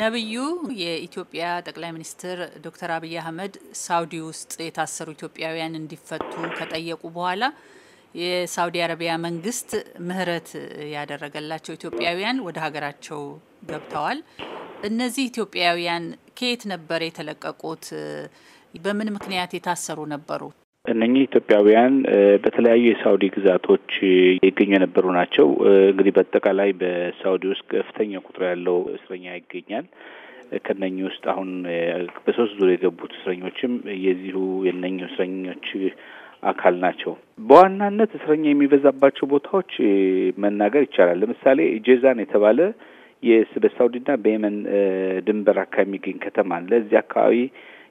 ነብዩ የኢትዮጵያ ጠቅላይ ሚኒስትር ዶክተር አብይ አህመድ ሳውዲ ውስጥ የታሰሩ ኢትዮጵያውያን እንዲፈቱ ከጠየቁ በኋላ የሳውዲ አረቢያ መንግስት ምህረት ያደረገላቸው ኢትዮጵያውያን ወደ ሀገራቸው ገብተዋል። እነዚህ ኢትዮጵያውያን ከየት ነበር የተለቀቁት? በምን ምክንያት የታሰሩ ነበሩ? እነኚህ ኢትዮጵያውያን በተለያዩ የሳውዲ ግዛቶች ይገኙ የነበሩ ናቸው። እንግዲህ በአጠቃላይ በሳውዲ ውስጥ ከፍተኛ ቁጥር ያለው እስረኛ ይገኛል። ከነኚህ ውስጥ አሁን በሶስት ዙር የገቡት እስረኞችም የዚሁ የነኚህ እስረኞች አካል ናቸው። በዋናነት እስረኛ የሚበዛባቸው ቦታዎች መናገር ይቻላል። ለምሳሌ ጄዛን የተባለ በሳውዲና በየመን ድንበር አካባቢ የሚገኝ ከተማ አለ። እዚህ አካባቢ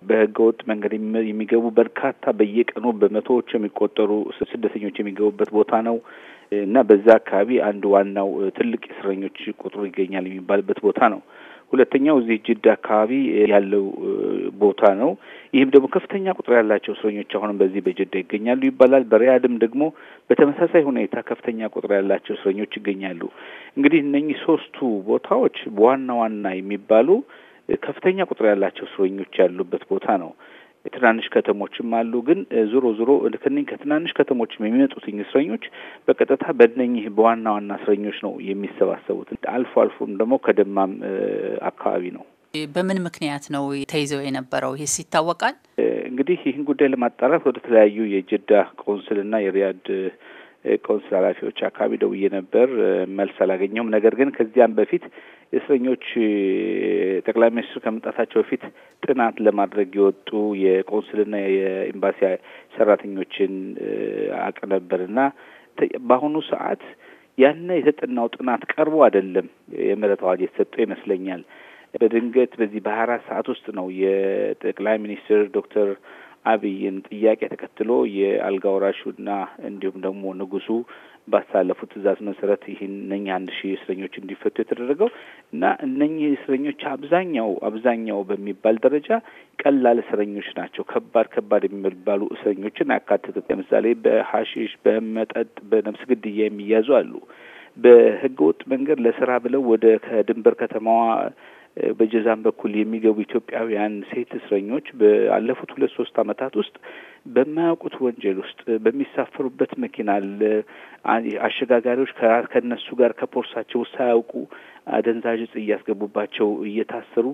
በህገወጥ መንገድ የሚገቡ በርካታ በየቀኑ በመቶዎች የሚቆጠሩ ስደተኞች የሚገቡበት ቦታ ነው እና በዛ አካባቢ አንድ ዋናው ትልቅ እስረኞች ቁጥሩ ይገኛል የሚባልበት ቦታ ነው። ሁለተኛው እዚህ ጅዳ አካባቢ ያለው ቦታ ነው። ይህም ደግሞ ከፍተኛ ቁጥር ያላቸው እስረኞች አሁንም በዚህ በጅዳ ይገኛሉ ይባላል። በሪያድም ደግሞ በተመሳሳይ ሁኔታ ከፍተኛ ቁጥር ያላቸው እስረኞች ይገኛሉ። እንግዲህ እነኚህ ሶስቱ ቦታዎች ዋና ዋና የሚባሉ ከፍተኛ ቁጥር ያላቸው እስረኞች ያሉበት ቦታ ነው። ትናንሽ ከተሞችም አሉ። ግን ዞሮ ዞሮ ከእነኝ ከትናንሽ ከተሞችም የሚመጡትኝ እስረኞች በቀጥታ በእነኝህ በዋና ዋና እስረኞች ነው የሚሰባሰቡት። አልፎ አልፎም ደግሞ ከደማም አካባቢ ነው። በምን ምክንያት ነው ተይዘው የነበረው? ይህስ ይታወቃል። እንግዲህ ይህን ጉዳይ ለማጣራት ወደ ተለያዩ የጅዳ ቆንስልና የሪያድ ቆንስል ኃላፊዎች አካባቢ ደውዬ ነበር። መልስ አላገኘሁም። ነገር ግን ከዚያም በፊት የእስረኞች ጠቅላይ ሚኒስትር ከመምጣታቸው በፊት ጥናት ለማድረግ የወጡ የቆንስልና የኤምባሲ ሰራተኞችን አቅ ነበርና በአሁኑ ሰዓት ያነ የተጠናው ጥናት ቀርቦ አይደለም የምህረት አዋጅ የተሰጠው ይመስለኛል። በድንገት በዚህ በሀያ አራት ሰዓት ውስጥ ነው የጠቅላይ ሚኒስትር ዶክተር አብይን ጥያቄ ተከትሎ የአልጋ ወራሹና እንዲሁም ደግሞ ንጉሱ ባሳለፉት ትእዛዝ መሰረት ይህን እነኚህ አንድ ሺህ እስረኞች እንዲፈቱ የተደረገው እና እነኚህ እስረኞች አብዛኛው አብዛኛው በሚባል ደረጃ ቀላል እስረኞች ናቸው። ከባድ ከባድ የሚባሉ እስረኞችን አካተተ። ለምሳሌ በሀሺሽ፣ በመጠጥ፣ በነፍስ ግድያ የሚያዙ አሉ። በህገ ወጥ መንገድ ለስራ ብለው ወደ ከድንበር ከተማዋ በጀዛም በኩል የሚገቡ ኢትዮጵያውያን ሴት እስረኞች በአለፉት ሁለት ሶስት ዓመታት ውስጥ በማያውቁት ወንጀል ውስጥ በሚሳፈሩበት መኪና አሸጋጋሪዎች ከነሱ ጋር ከፖርሳቸው ሳያውቁ አደንዛዥ እጽ እያስገቡባቸው እየታሰሩ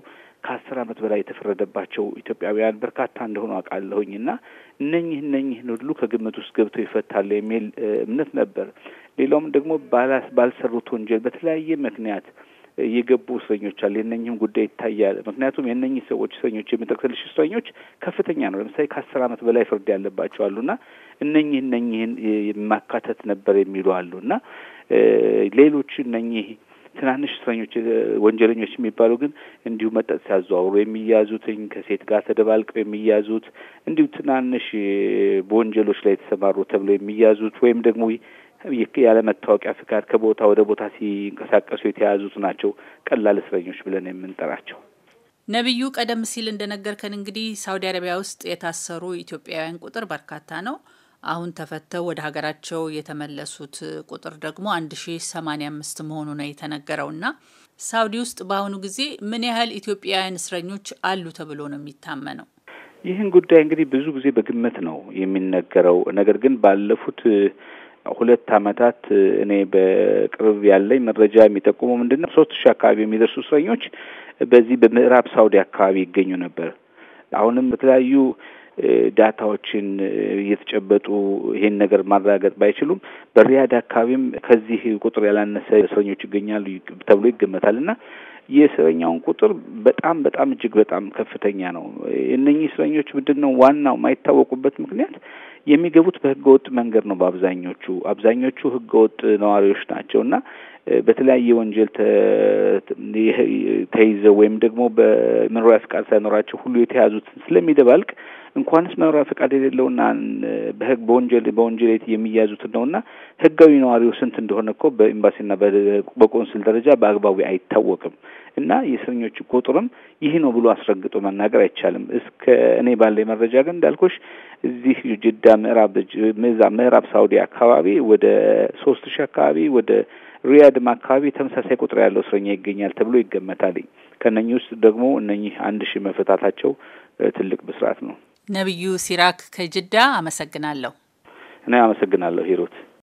ከአስር ዓመት በላይ የተፈረደባቸው ኢትዮጵያውያን በርካታ እንደሆኑ አውቃለሁኝ እና እነኝህ እነኝህን ሁሉ ከግምት ውስጥ ገብተው ይፈታሉ የሚል እምነት ነበር። ሌላውም ደግሞ ባላስ ባልሰሩት ወንጀል በተለያየ ምክንያት የገቡ እስረኞች አሉ። የእነኝህም ጉዳይ ይታያል። ምክንያቱም የእነኝህ ሰዎች እስረኞች የሚጠቅስልሽ እስረኞች ከፍተኛ ነው። ለምሳሌ ከአስር ዓመት በላይ ፍርድ ያለባቸው አሉና እነኝህ እነኝህን የማካተት ነበር የሚሉ አሉና ሌሎች እነኝህ ትናንሽ እስረኞች ወንጀለኞች የሚባሉ ግን እንዲሁ መጠጥ ሲያዘዋውሩ የሚያዙትኝ ከሴት ጋር ተደባልቀው የሚያዙት እንዲሁ ትናንሽ በወንጀሎች ላይ የተሰማሩ ተብለው የሚያዙት ወይም ደግሞ ያለ መታወቂያ ፍቃድ ከቦታ ወደ ቦታ ሲንቀሳቀሱ የተያዙት ናቸው ቀላል እስረኞች ብለን የምንጠራቸው። ነቢዩ፣ ቀደም ሲል እንደነገርከን እንግዲህ ሳውዲ አረቢያ ውስጥ የታሰሩ ኢትዮጵያውያን ቁጥር በርካታ ነው። አሁን ተፈተው ወደ ሀገራቸው የተመለሱት ቁጥር ደግሞ 1085 ሺ መሆኑ ነው የተነገረው እና ሳውዲ ውስጥ በአሁኑ ጊዜ ምን ያህል ኢትዮጵያውያን እስረኞች አሉ ተብሎ ነው የሚታመነው? ይህን ጉዳይ እንግዲህ ብዙ ጊዜ በግምት ነው የሚነገረው። ነገር ግን ባለፉት ሁለት አመታት እኔ በቅርብ ያለኝ መረጃ የሚጠቁመው ምንድን ነው ሶስት ሺህ አካባቢ የሚደርሱ እስረኞች በዚህ በምዕራብ ሳውዲ አካባቢ ይገኙ ነበር። አሁንም በተለያዩ ዳታዎችን እየተጨበጡ ይሄን ነገር ማረጋገጥ ባይችሉም በሪያድ አካባቢም ከዚህ ቁጥር ያላነሰ እስረኞች ይገኛሉ ተብሎ ይገመታል እና የእስረኛውን ቁጥር በጣም በጣም እጅግ በጣም ከፍተኛ ነው። እነኚህ እስረኞች ምንድን ነው ዋናው የማይታወቁበት ምክንያት የሚገቡት በህገወጥ መንገድ ነው። በአብዛኞቹ አብዛኞቹ ህገወጥ ነዋሪዎች ናቸው እና በተለያየ ወንጀል ተይዘው ወይም ደግሞ በመኖሪያ ፍቃድ ሳይኖራቸው ሁሉ የተያዙትን ስለሚደባልቅ እንኳንስ መኖሪያ ፈቃድ የሌለውና በህግ በወንጀል በወንጀል የሚያዙትን ነውና ህጋዊ ነዋሪው ስንት እንደሆነ እኮ በኤምባሲና በቆንስል ደረጃ በአግባቡ አይታወቅም እና የእስረኞች ቁጥርም ይህ ነው ብሎ አስረግጦ መናገር አይቻልም። እስከ እኔ ባለ መረጃ ግን እንዳልኮሽ እዚህ ጅዳ ምዕራብ ምዕራብ ሳውዲ አካባቢ ወደ ሶስት ሺህ አካባቢ ወደ ሪያድም አካባቢ ተመሳሳይ ቁጥር ያለው እስረኛ ይገኛል ተብሎ ይገመታል። ከነኚህ ውስጥ ደግሞ እነኚህ አንድ ሺህ መፈታታቸው ትልቅ ብስራት ነው። ነቢዩ ሲራክ ከጅዳ አመሰግናለሁ። እኔ አመሰግናለሁ ሂሩት።